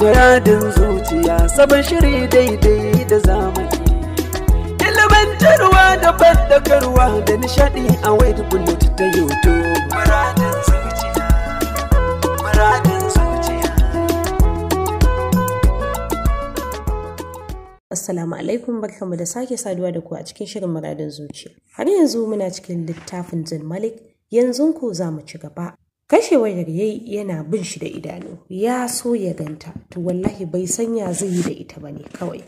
Muradin zuciya sabon shiri daidai da zamani. Ilimantarwa da bandakarwa da nishadi a wayar bullet ta YouTube. Muradin zuciya, muradin zuciya. Assalamu alaikum barkamu da sake saduwa da ku a cikin shirin muradin zuciya. Har yanzu muna cikin littafin Zul Malik yanzu ku za mu ci gaba kashe wayar yayi yana bin shi da idanu ya so ya ganta to wallahi bai sanya zai yi da ita bane kawai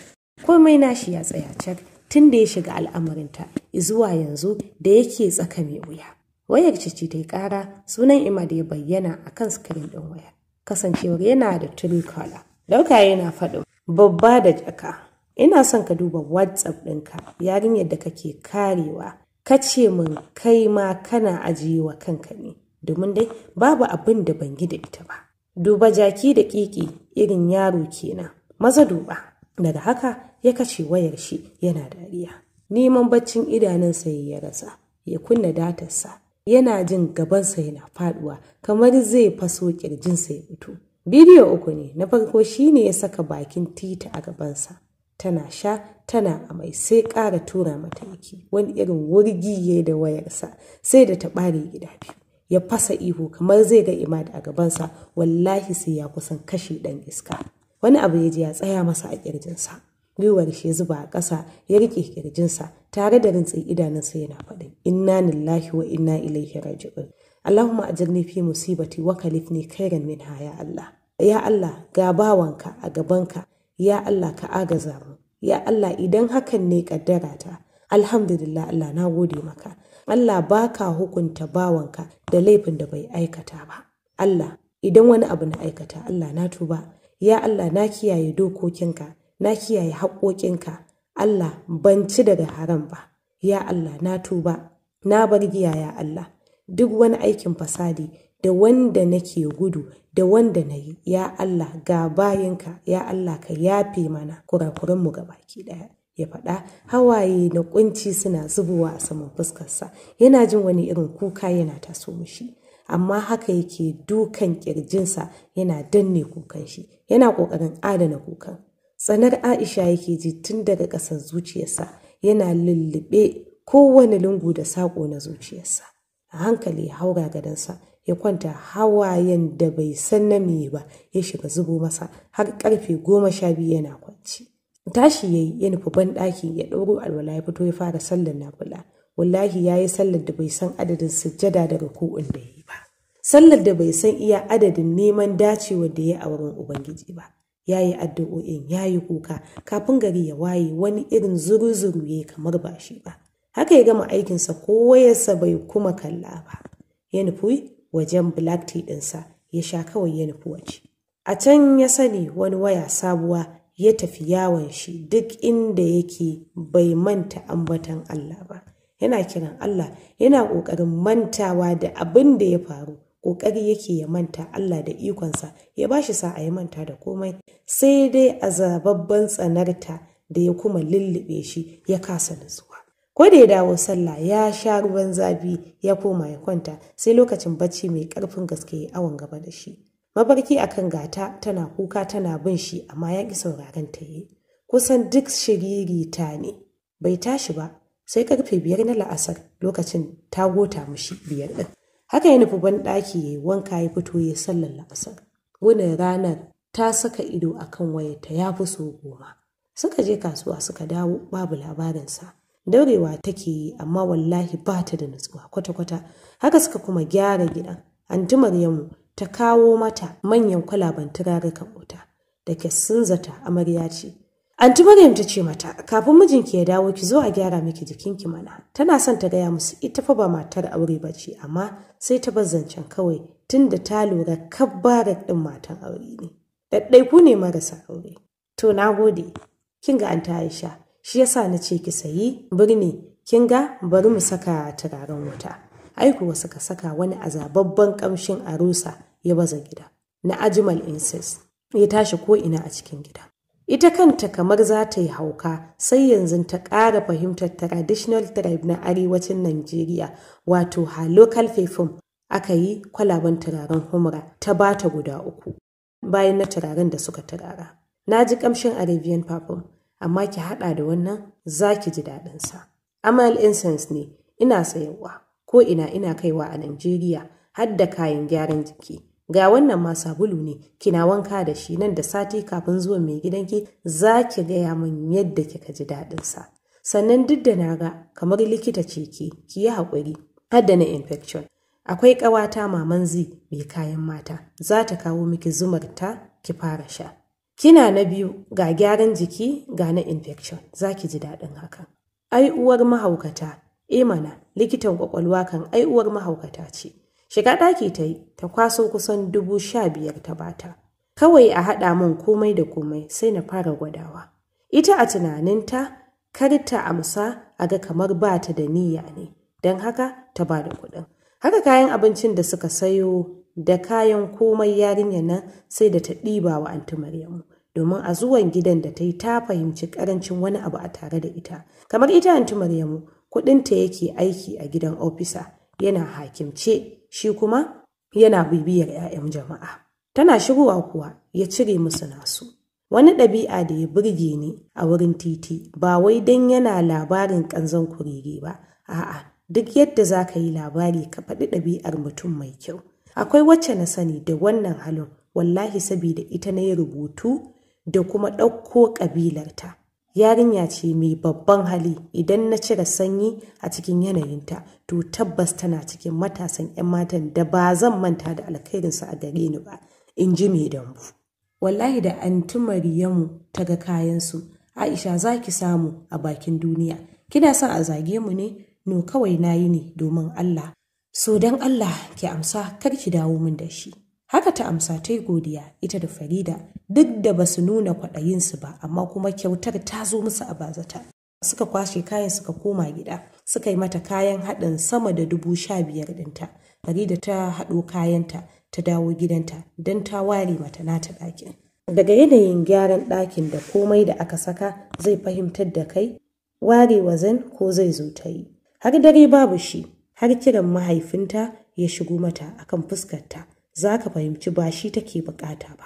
komai nashi ya tsaya cak tun da ya shiga al'amarinta zuwa yanzu da yake tsaka mai wuya wayar cici ta kara sunan ima da ya bayyana a kan sikirin ɗin waya kasancewar yana da true color. dauka yana faɗo. babba da jaka ina son ka duba whatsapp ɗinka yarinyar da kake karewa kace ce min kai ma kana ajiye wa kanka ne domin dai babu abin da ban yi da ita ba. Duba jaki da ƙiƙi irin yaro kenan, maza duba. Daga haka ya kace wayar shi yana dariya. Neman baccin idanunsa ya rasa, ya kunna datarsa. Yana jin gabansa yana faduwa kamar zai faso kirjinsa ya fito. Bidiyo uku ne, na farko shi ne ya saka bakin tita a gabansa. Tana sha, tana amai sai ƙara tura mata yake, wani irin wurgi ya da wayarsa, sai da ta ɓare gida biyu. ya fasa ihu kamar zai ga imad a gabansa wallahi sai ya kusan kashe ɗan iska wani abu ya je ya tsaya masa a kirjinsa gwiwar shi zuba a ƙasa ya rike kirjinsa tare da rintsin idanunsa yana faɗi, inna lillahi wa inna ilaihi raji'un allahumma ajirni fi musibati wa kalifni khairan minha ya allah ya allah ga bawanka a gabanka ya allah ka agaza mu ya allah idan hakan ne kaddara ta alhamdulillah allah na gode maka Allah ba ka hukunta bawanka da laifin da bai aikata ba. Allah, idan wani abu na aikata, Allah na tuba, ya Allah na kiyaye dokokinka, na kiyaye haƙoƙinka, Allah ban ci daga haram ba, ya Allah na tuba, na bar giya ya Allah, duk wani aikin fasadi da wanda nake gudu da wanda na yi, ya Allah ga bayinka, ya Allah ka yafe mana kurakuranmu ga baki ɗaya. ya faɗa hawaye na kunci suna zubowa a saman fuskarsa yana jin wani irin kuka yana taso mishi amma haka yake dukan kirjinsa yana danne kukan shi yana ƙoƙarin adana kukan tsanar aisha yake ji tun daga ƙasar zuciyarsa yana lullube kowane lungu da saƙo na zuciyarsa a hankali ya haura gadansa ya kwanta hawayen da bai san na me ba ya shiga zubo masa har karfe goma sha biyu yana kwanci tashi ya yi ya nufi banɗaki ya ɗauro alwala ya fito ya fara sallar nafila wallahi ya yi sallar da bai san adadin sujjada daga ko'in da ya yi ba sallar da bai san iya adadin neman dacewa da ya yi a wurin ubangiji ba ya yi addu'o'in ya yi kuka kafin gari ya waye wani irin zuru-zuru ya kamar ba shi ba haka ya gama aikinsa ko wayarsa bai kuma kalla ba ya nufi wajen black tea ɗinsa ya sha kawai ya nufi waje a can ya sani wani waya sabuwa ya tafi yawon shi duk inda yake bai manta ambatan Allah ba yana kiran Allah yana ƙoƙarin mantawa da abin da ya faru ƙoƙari yake ya manta Allah da ikonsa ya ba shi sa'a ya manta da komai sai dai azababban tsanarta da ya kuma lullube shi ya kasa nutsuwa ko da ya dawo sallah ya sha ruwan zafi ya koma ya kwanta sai lokacin bacci mai ƙarfin gaske ya awon gaba da shi mabarki a kan gata tana kuka tana bin shi amma ya ƙi sauraron ta yi kusan duk shiririta ne bai tashi ba sai karfe biyar na la'asar lokacin ta gota mushi biyar ɗin haka ya nufi ɗaki ya yi wanka ya fito ya sallar la'asar wani ranar ta saka ido a akan ta ya fi so goma suka je kasuwa suka dawo babu labarinsa daurewa take yi amma wallahi ba ta da nutsuwa kwata-kwata haka suka kuma gyara gidan ji maryamu ta kawo mata manyan kwalaban turaruka wuta da ke sun zata amarya ce. Anti Maryam ta ce mata, kafin mijinki ya dawo ki zo a gyara miki jikinki mana. Tana son ta gaya musu ita fa ba matar aure ba ce, amma sai ta bar zancen kawai tunda ta lura kabbarar ɗin matan aure ne. Ɗaiɗaiku ne marasa aure. To na gode, kin ga an Aisha, shi yasa na ce ki sayi birni, kin ga bari mu saka turaren wuta. Ai wasu ka saka wani azababban ƙamshin arusa ya baza gida na ajimal incest ya tashi ko ina a cikin gida ita kanta kamar za ta yi hauka sai yanzu ta ƙara fahimtar traditional tribe na arewacin Najeriya wato ha local perfume aka yi kwalaban turaren humra ta bata guda uku bayan na turaren da suka turara. Na ji ƙamshin Arabian perfume amma ki haɗa da wannan za ki ji daɗinsa. Amal incense ne ina sayarwa ko ina ina kaiwa a Najeriya har da kayan gyaran jiki. ga wannan ma sabulu ne kina wanka da shi nan da sati kafin zuwa mai gidanki za ki gaya min yadda kika ji daɗin sa sannan duk da na ga kamar likita ce ki ki yi haƙuri har da na infection akwai ƙawata maman zi mai kayan mata za ta kawo miki zumar ta ki fara sha kina na biyu ga gyaran jiki ga na infection za ki ji daɗin haka ai uwar mahaukata imana eh likitan kwakwalwa kan ai uwar mahaukata ce Shiga ɗaki ta yi, ta kwaso kusan dubu sha biyar ta bata. Kawai a haɗa min komai da komai sai na fara gwadawa. Ita a tunaninta, kar ta amsa a ga kamar ba ta da niyya ne, don haka ta ba da kuɗin. Haka kayan abincin da suka sayo da kayan komai yarinya nan sai da ta ɗiba wa anti Maryamu. Domin a zuwan gidan da ta yi ta fahimci ƙarancin wani abu a tare da ita. Kamar ita anti Maryamu, kuɗinta yake aiki a gidan ofisa, yana hakimce shi kuma yana bibiyar 'ya'yan jama'a. Tana shigowa kuwa ya cire musu nasu. Wani ɗabi'a da ya burge ni a wurin titi ba wai don yana labarin ƙanzan kurege ba, a'a duk yadda za ka yi labari ka faɗi ɗabi'ar mutum mai kyau. Akwai wacce na sani da wannan halin wallahi sabida ita na yi rubutu da kuma ɗauko ƙabilarta. yarinya ce mai babban hali idan na cire sanyi a cikin yanayinta to tabbas tana cikin matasan 'yan matan da ba zan manta da alkhairinsu a gare ni ba in ji mai dambu wallahi da anti maryamu ta ga kayansu aisha za ki samu a bakin duniya kina son a zage mu ne no kawai na yi ne domin allah so don allah ki amsa kar ki dawo min da shi Haka ta amsa ta yi godiya ita da Farida duk da ba su nuna su ba amma kuma kyautar ta zo musu a bazata. Suka kwashe kayan suka koma gida suka yi mata kayan haɗin sama da dubu sha biyar ɗinta. Farida ta haɗo kayanta ta dawo gidanta don ta ware mata nata ɗakin. Daga yanayin gyaran ɗakin da komai da aka saka zai fahimtar da kai ware wazan ko zai zo ta yi. Har dare babu shi har kiran mahaifinta ya shigo mata akan fuskarta. za ka fahimci ba shi take bukata ba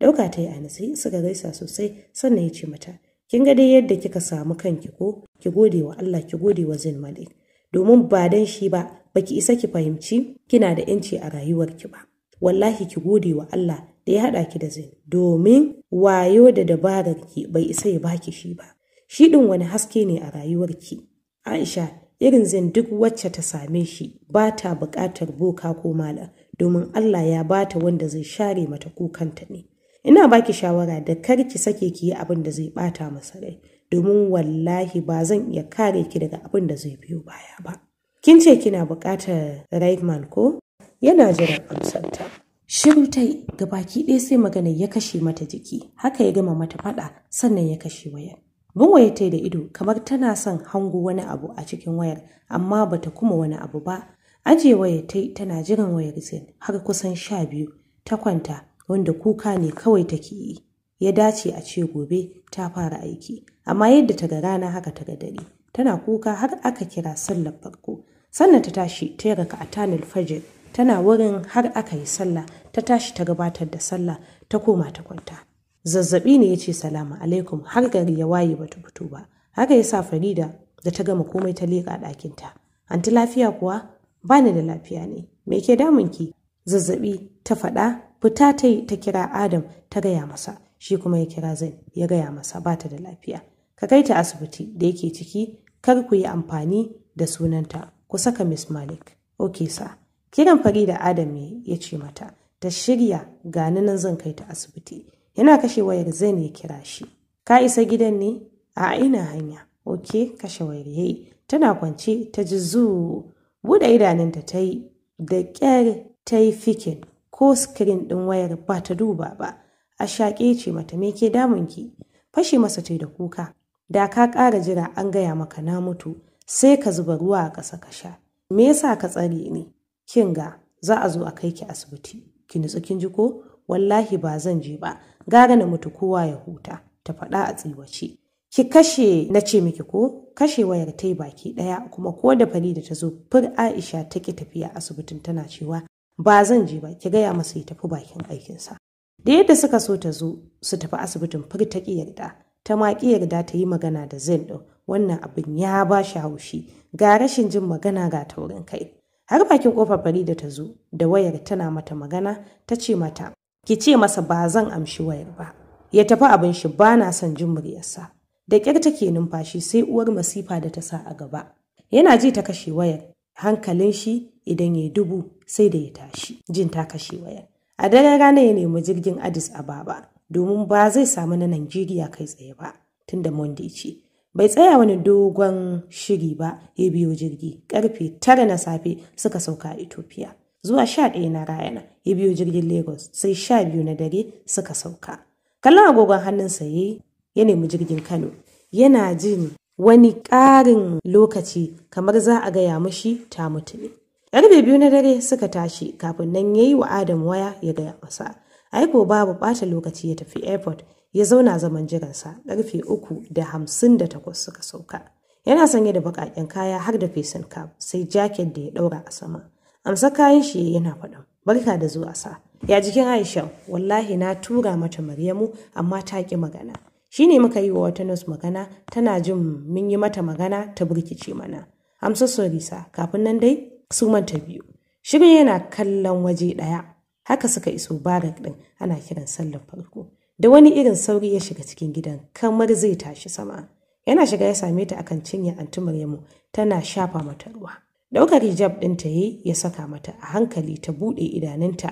ɗauka ta yi a nasi suka gaisa sosai sannan ya ce mata kin ga dai yadda kika samu kanki ko ki gode wa Allah ki gode wa Zain Malik domin ba dan shi ba baki isa ki fahimci kina da yanci a rayuwarki ba wallahi ki gode wa Allah da ya haɗa ki da Zain domin wayo da dabararki bai isa ya baki shi ba shi ɗin wani haske ne a rayuwarki Aisha irin zin duk wacce ta same shi ba ta buƙatar boka ko malam domin Allah ya bata wanda zai share mata kukanta ne. Ina baki shawara da kar ki sake ki yi abin da zai bata masa rai, domin wallahi ba zan iya kare ki daga abin da zai biyo baya ba. Kin ce kina buƙatar Raidman ko? Yana jiran amsarta. Shiru ta gabaki ɗaya sai magana ya kashe mata jiki, haka ya gama mata faɗa sannan ya kashe wayar. Bin waya ta da ido kamar tana son hango wani abu a cikin wayar, amma bata kuma wani abu ba Aje wayar ta tana jiran wayar Zain har kusan sha biyu ta kwanta wanda kuka ne kawai take yi. Ya dace a ce gobe ta fara aiki, amma yadda ta ga rana haka ta ga dare. Tana kuka har aka kira sallar farko. Sannan ta tashi ta yi raka a tanil fajir. tana wurin har aka yi sallah ta tashi ta gabatar da sallah ta koma ta kwanta. Zazzaɓi ne ya ce salamu alaikum har gari ya waye bata fito ba. Haka ya sa Farida da ta gama komai ta leƙa ɗakinta. Anti lafiya kuwa bani da lafiya ne me ke ki? zazzabi ta faɗa fita ta yi ta kira adam ta gaya masa shi kuma ya kira zain ya gaya masa ba ta da lafiya ka kai ta asibiti da yake ciki kar ku yi amfani da sunanta ku saka miss malik ok sa kiran fari da adam ne ya ce mata ta shirya gani nan zan kai ta asibiti yana kashe wayar zain ya kira shi ka isa gidan ne a ina hanya ok kashe wayar yayi tana kwance ta ji zuu. Buɗe idanunta ta yi da ƙyar ta yi fikin ko sikirin ɗin wayar ba ta duba ba. A shaƙe ce mata me ke damunki? fashe masa tai da kuka. Da ka ƙara jira an gaya maka na mutu sai ka zuba ruwa a ƙasa ka sha. Me yasa ka tsare ni? Kin ga za a zo a kai ki asibiti. Ki nutsu kin ji ko? Wallahi ba zan je ba. Gara na mutu kowa ya huta. Ta faɗa a tsiwace. ki kashe na ce miki ko kashe wayar ta yi baki ɗaya kuma ko da Farida ta zo fur Aisha ta ki tafiya asibitin tana cewa ba zan je ba ki gaya masa ya tafi bakin aikinsa. Da yadda suka so ta zo su tafi asibitin fur ta ki yarda ta ma ki yarda ta yi magana da Zain ɗin wannan abin ya ba shi haushi ga rashin jin magana ga taurin kai. Har bakin kofar Farida ta zo da wayar tana mata magana ta ce mata ki ce masa ba zan amshi wayar ba ya tafi abin shi ba na son jin muryarsa da ƙyar take numfashi sai uwar masifa da ta sa a gaba yana ji ta kashe wayar hankalin shi idan ya dubu sai da ya tashi jin ta kashe wayar a dare rana ya nemi jirgin addis ababa domin ba zai samu na najeriya kai tsaye ba tun da monday ce bai tsaya wani dogon shiri ba ya biyo jirgi karfe tara na safe suka sauka a ethiopia zuwa sha ɗaya na rayana ya biyo jirgin lagos sai sha biyu na dare suka sauka kallon agogon hannunsa ya yi ya nemi jirgin Kano. Yana jin wani ƙarin lokaci kamar za a gaya mushi ta mutu ne. Yarbe biyu na dare suka tashi kafin nan ya yi wa Adam waya ya gaya masa. Aiko babu ɓata lokaci ya tafi airport ya zauna zaman jiransa ƙarfe uku da hamsin da takwas suka sauka. Yana sanye da baƙaƙen kaya har da fesin cap sai jaket da ya ɗaura a sama. Amsa kayan shi yana faɗan barka da zuwa sa. Ya jikin Aisha wallahi na tura mata Maryamu amma ta ƙi magana. shi ne muka yi wa wata nos magana tana jin mun yi mata magana ta burkice mana amsa sorisa kafin nan dai su manta biyu shirin yana kallon waje ɗaya haka suka iso barak ɗin ana kiran sallar farko da wani irin sauri ya shiga cikin gidan kamar zai tashi sama yana shiga ya same ta akan cinye anti Maryamu tana shafa mata ruwa ɗaukar hijab ɗinta yi ya saka mata a hankali ta buɗe idanunta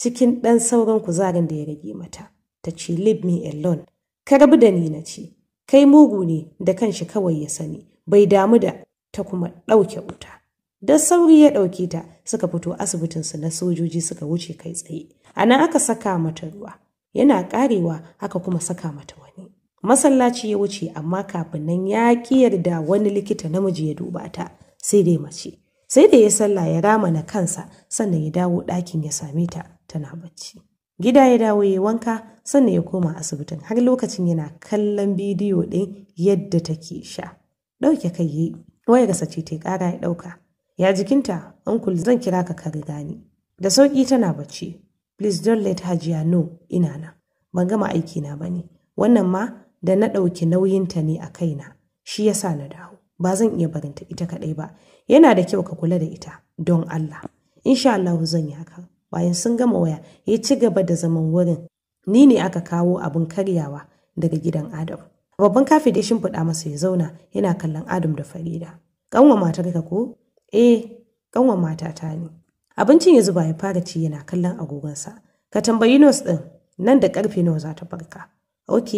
cikin ɗan sauran kuzarin da ya rage mata ta ce leave me alone ka rabu da ni na ce kai mugu ne da kanshi kawai ya sani bai damu da ta kuma ɗauke wuta da sauri ya ɗauke ta suka fito asibitinsu na sojoji suka wuce kai tsaye a nan aka saka mata ruwa yana ƙarewa aka kuma saka mata wani masallaci ya wuce amma kafin nan ya ƙi yarda wani likita namiji ya duba ta sai dai mace sai da ya sallah ya rama na kansa sannan ya dawo ɗakin ya same ta tana bacci Gida ya dawo ya wanka sannan ya koma asibitin har lokacin yana kallon bidiyo ɗin yadda take sha. Ɗauke kai yi, wayar sa ce ta ƙara ya ɗauka. Ya jikinta, uncle zan kira ka ka riga ni. Da sauƙi tana bacci. Please don't let Hajiya no ina na. Ban gama aiki na bane. Wannan ma da na ɗauki nauyinta ne a kai na. Shi yasa na dawo. Ba zan iya barinta ita kaɗai ba. Yana da kyau ka kula da ita don Allah. Insha Allah zan yi hakan. bayan sun gama waya ya ci gaba da zaman wurin ni ne aka kawo abin karyawa daga gidan adam babban kafin da shimfiɗa masa ya zauna yana kallon adam da farida kanwa matar ka ko eh mata matata ne abincin ya zuba ya fara ci yana kallon agogonsa ka tambayi nos ɗin nan da karfe nawa za ta farka ok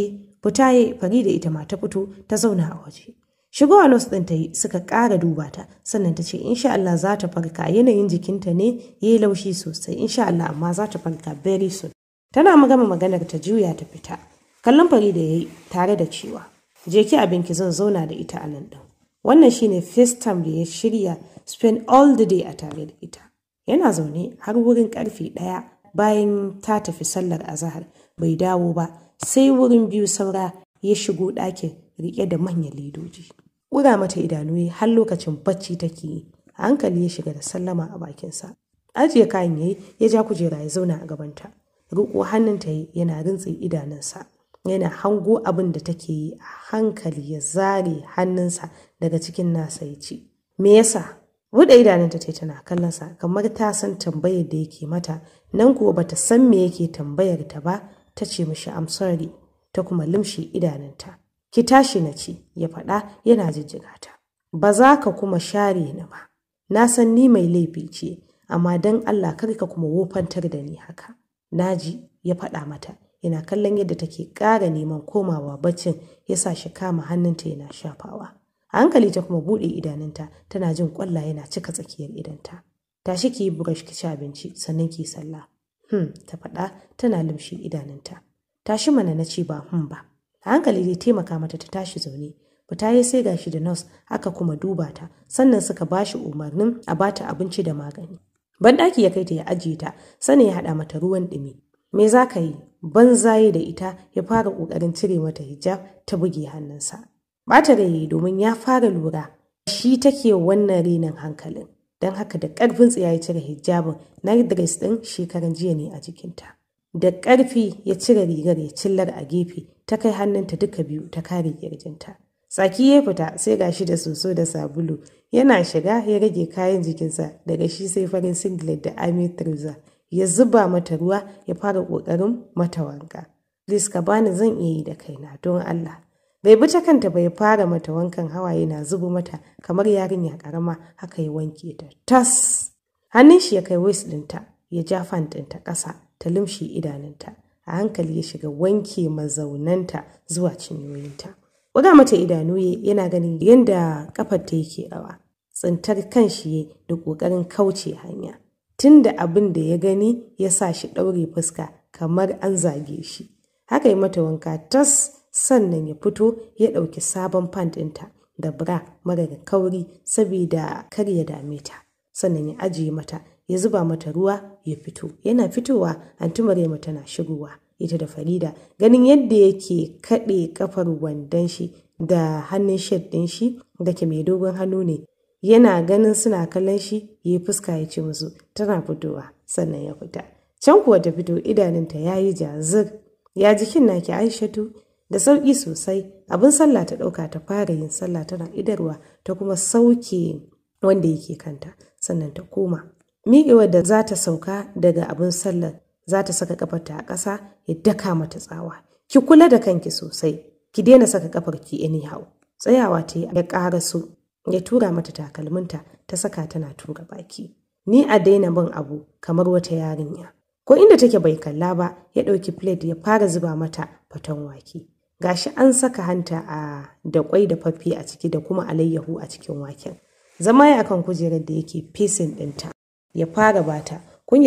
fita ya farida ita ma ta fito ta zauna a waje Shigowa nos ɗin ta yi suka ƙara duba ta sannan ta ce insha Allah za ta farka yanayin jikinta ne ya yi laushi sosai insha Allah amma za ta farka very soon. Tana magama maganar ta juya ta fita. Kallon fari da ya yi tare da cewa je ki abin ki zan zauna da ita a nan ɗin. Wannan shine first time da ya shirya spend all the day a tare da ita. Yana zaune har wurin karfe ɗaya bayan ta tafi sallar azahar bai dawo ba sai wurin biyu saura ya shigo ɗakin riƙe da manyan ledoji ƙura mata idanu har lokacin bacci take yi hankali ya shiga da sallama a bakinsa ajiye kayan yayi ya ja kujera ya zauna a gabanta riƙo hannunta yana rintsin idanunsa yana hango abin da take yi a hankali ya zare hannunsa daga cikin nasa ya ce me yasa buɗe idanunta ta tana sa. kamar ta san tambayar da yake mata nan kuwa bata san me yake tambayar ta ba ta ce mishi amsari ta kuma limshe idanunta ki tashi na ci ya faɗa yana jijjiga ta ba za ka kuma share ni ba na san ni mai laifi ce amma don Allah kar ka kuma wofantar da ni haka naji ya faɗa mata yana kallon yadda take ƙara neman komawa baccin ya sa shi kama hannunta yana shafawa a hankali ta kuma buɗe idanunta tana jin ƙwalla yana cika tsakiyar idanta tashi ki yi burush ki ci abinci sannan ki sallah hmm ta faɗa tana limshi idanunta tashi mana na ce ba hmm ba a hankali dai taimaka mata ta tashi zaune fita ya sai gashi da nurse aka kuma duba ta sannan suka ba shi umarnin a bata abinci da magani banɗaki ya kai ta ya ajiye ta sannan ya haɗa mata ruwan ɗumi me za ka yi ban zaye da ita ya fara ƙoƙarin cire mata hijab ta buge hannunsa bata da yayi domin ya fara lura shi take wannan renin hankalin don haka da ƙarfin tsiya ya cire hijabin na dress ɗin shekaran jiya ne a jikinta da ƙarfi ya cire rigar ya cillar a gefe ta kai hannunta duka biyu ta kare kirjinta tsaki ya fita sai ga shi da soso da sabulu yana shiga ya rage kayan jikinsa daga shi sai farin singlet da army trouser ya zuba mata ruwa ya fara ƙoƙarin mata wanka Liz ka bani zan iya yi da kaina don Allah bai bi ta kanta bai fara mata wankan hawa yana zubo mata kamar yarinya karama haka ya wanke ta tas hannun shi ya kai waist ɗinta ya ja fan ɗinta ƙasa ta limshi idanunta a hankali ya shiga wanke mazaunanta zuwa cinyoyinta. wada mata idanu yana ganin yadda kafar ta yake rawa, tsintar kan shi da ƙoƙarin kauce hanya. Tunda abin da ya gani ya sa shi ɗaure fuska kamar an zage shi. Haka yi mata wanka tas sannan ya fito ya ɗauki sabon fan ɗinta da bra mara kauri saboda kar ya dame ta. Sannan ya ajiye mata ya zuba mata ruwa ya fito yana fitowa anti maryama tana shigowa ita da farida ganin yadda yake kaɗe kafar wandon shi da hannun shaddin ɗin shi da ke mai dogon hannu ne yana ganin suna kallon shi ya yi fuska ya ce musu tana fitowa sannan ya fita can kuwa ta fito idanunta ya yi jazir ya jikin naki aishatu da sauƙi sosai abin sallah ta ɗauka ta fara yin sallah tana idarwa ta kuma sauke wanda yake kanta sannan ta koma miƙewar da za ta sauka daga abin sallar za ta saka kafarta a ƙasa ya daka mata tsawa ki kula da kanki sosai ki daina saka kafarki anyhow tsayawa ta ya ƙara su ya tura mata takalminta ta saka tana tura baki ni a daina bin abu kamar wata yarinya ko inda take bai kalla ba ya ɗauki plate ya fara zuba mata faton wake gashi an saka hanta a da kwai da faffi a ciki da kuma alayyahu a cikin waken zama ya kan kujerar da yake fesin ɗinta ya fara bata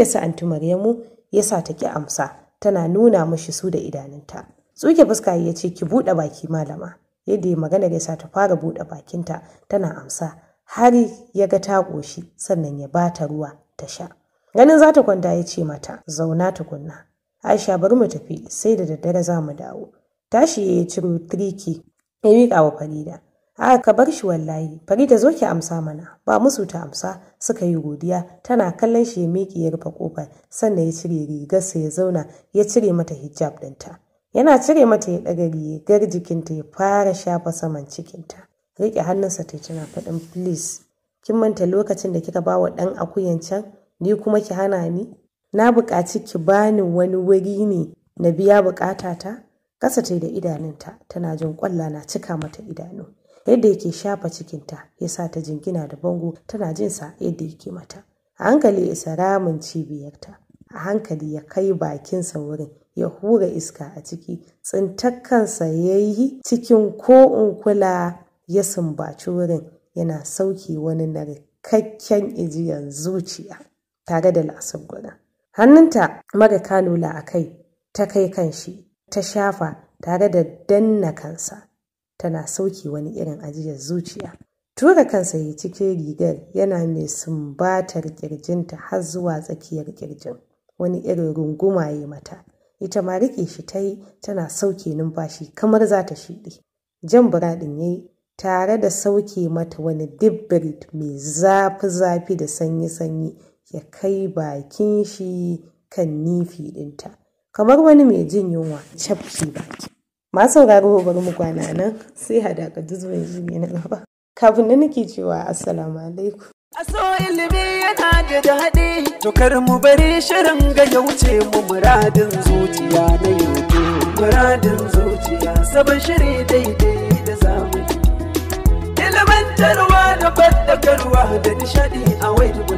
sa anti maryamu ya sa ta ki amsa tana nuna mashi su da idanunta tsuke fuska ya ce ki buɗe baki malama yadda ya magana ya sa ta fara buɗe bakinta tana amsa hari ya ga ta ƙoshi sannan ya bata ruwa ta sha ganin za ta kwanta ya ce mata zauna tukunna aisha bari mu tafi sai da daddare za mu dawo tashi ya ciro tiriki ya miƙa wa farida A'a ka bar shi wallahi, Farida zo ki amsa mana, ba musu ta amsa suka yi godiya tana kallon shi ya miƙe ya rufe ƙofar sannan ya cire rigarsa ya zauna ya cire mata hijab ɗinta. Yana cire mata ya ɗaga rigar jikinta ya fara shafa saman cikinta. Riƙe hannunsa ta tana faɗin please, kin manta lokacin da kika ba wa ɗan akuyan can, ni kuma ki hana ni? Na buƙaci ki bani wani wuri ne na biya buƙatata? Kasa ta da idanunta tana jin ƙwalla na cika mata idanu. yadda yake shafa cikinta ya sa ta jingina da bango tana jin sa yadda yake mata a hankali ya isa ramin cibiyarta a hankali ya kai bakinsa wurin ya hura iska a ciki tsintakkansa ya yi cikin ko kula ya sumbaci wurin yana sauki wani narkakken ijiyan zuciya tare da lasar guda hannunta mara kanula a kai ta kai kan shi ta shafa tare da danna kansa tana sauke wani irin ajiyar zuciya tura kansa yi cikin rigar yana mai sumbatar kirjinta har zuwa tsakiyar kirjin wani irin runguma ya mata ita ma riƙe shi ta yi tana sauke numfashi kamar za ta shiɗe jan buraɗin ya yi tare da sauke mata wani dibbirit mai zafi-zafi da sanyi-sanyi ya kai bakin shi kan nifi ɗinta kamar wani mai jin yunwa cafke baki masu sauraro bari mu kwana nan sai hada ka zuwa zuwa na gaba kafin nan nake cewa assalamu alaikum Aso ilimi yana da daɗi, tukar mu bari shirin ga ya wuce mu muradin zuciya na yanzu. Muradin zuciya sabon shiri daidai da zamani. Ilimantarwa da fadakarwa da nishaɗi a waidu